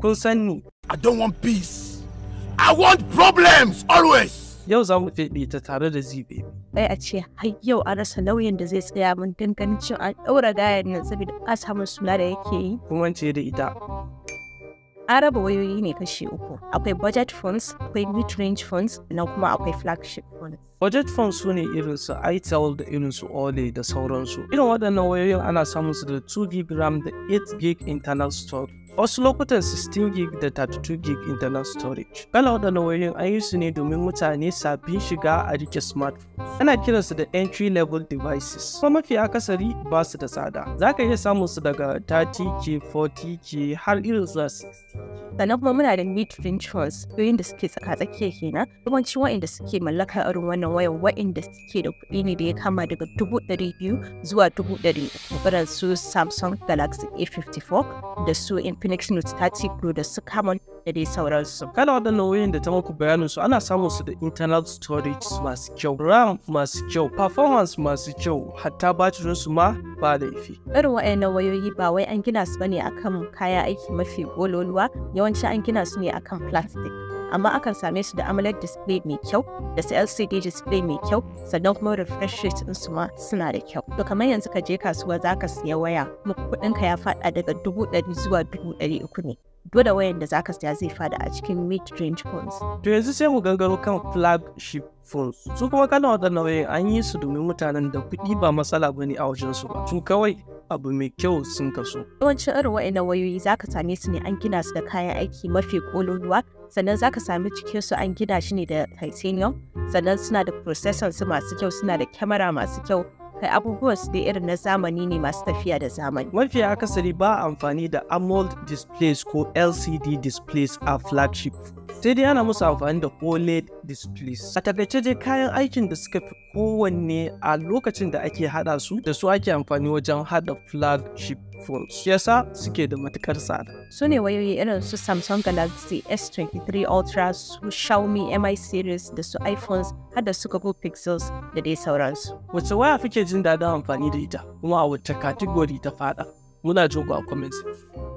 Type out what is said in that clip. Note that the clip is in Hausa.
kun san ni. I don't want peace. I want problems always. Yau za mu feɗe ta tare da zibe. Sai a ce har yau an rasa lauyan da zai tsaya min don ganin an ɗaura gayar nan saboda a samun suna da yake yi. Kuma ce da ita Araba raba wayoyi ne kashi uku akwai budget funds, akwai mid-range funds, na kuma akwai flagship funds. budget funds su ne irin su itel da irin su ole da sauransu irin waɗannan wayoyin ana samun su da 2 gb ram da 8 gb internal storage wasu lokutan 16 gig da 32 gig internal storage. Kala waɗannan wayoyin an yi su ne domin mutane sabbin shiga a rike smartphone. Ana kiran su da entry level devices. Kuma mafi akasari ba su da tsada. Za ka iya samun su daga 30 k 40 k har irin su sannan kuma muna da mid-range yoyin da suke tsaka-tsakiya kenan yawanci da suke mallaka irin wannan wayan da suke da kuɗi ne da ya kama daga dubu ɗari biyu zuwa dubu ɗari irin su samsung galaxy a54 da su infinix note 30 pro da su common da dai sauransu. Kana waɗannan wayoyin da ta maku bayanin su ana samun su da internal storage masu kyau, RAM masu kyau, performance masu kyau, hatta batirin su ma ba laifi. Irin wayoyi ba wai an gina su bane akan kaya aiki mafi gololuwa yawanci an gina su ne akan plastic. Amma akan same su da AMOLED display mai kyau da su LCD display mai kyau sannan kuma refresh rate din su ma suna da kyau. To kamar yanzu ka je kasuwa zaka siya waya kuma kudinka ya faɗa daga dubu ɗari zuwa dubu ɗari uku ne. dole wayan da zaka saya zai fada a cikin mid range phones. To yanzu sai mu gangaro kan flagship phones. Su kuma kana da nauyin an yi su domin mutanen da kuɗi ba matsala ba ne a wajen su ba. Su kawai abu mai kyau sun kaso. Yawancin irin waɗannan wayoyi zaka same su ne an gina su da kayan aiki mafi ƙololuwa sannan zaka sami cikin su an gina shi ne da titanium sannan suna da processors masu kyau suna da kyamara masu kyau kai abubuwan su dai irin na zamani ne masu tafiya da zamani. Mafi akasari ba amfani da AMOLED displays ko LCD displays a flagship. Sai dai ana musu amfani da OLED displays. A takaice dai kayan aikin da suka fi kowanne a lokacin da ake hada su da su ake amfani wajen hada flagship shi yasa suke da matukar tsada su ne wayoyi irin su samsung galaxy s23 ultra su xiaomi mi series da su iphones har da su google pixels da dai sauransu wace waya fike jin daɗin amfani da ita kuma a wace category ta fada muna jin ku a comments